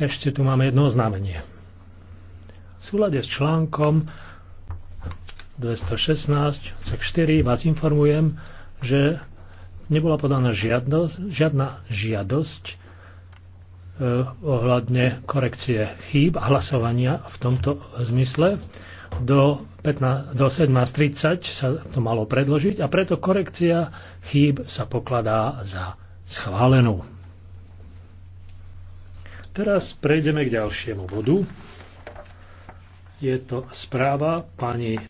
Ešte tu máme jedno oznámenie. V súlade s článkom 216 vás informujem, že nebola podaná žiadnosť, žiadna žiadosť e, ohľadne korekcie chýb a hlasovania v tomto zmysle. Do, do 17.30 sa to malo predložiť a preto korekcia chýb sa pokladá za schválenú. Teraz prejdeme k ďalšiemu bodu. Je to správa pani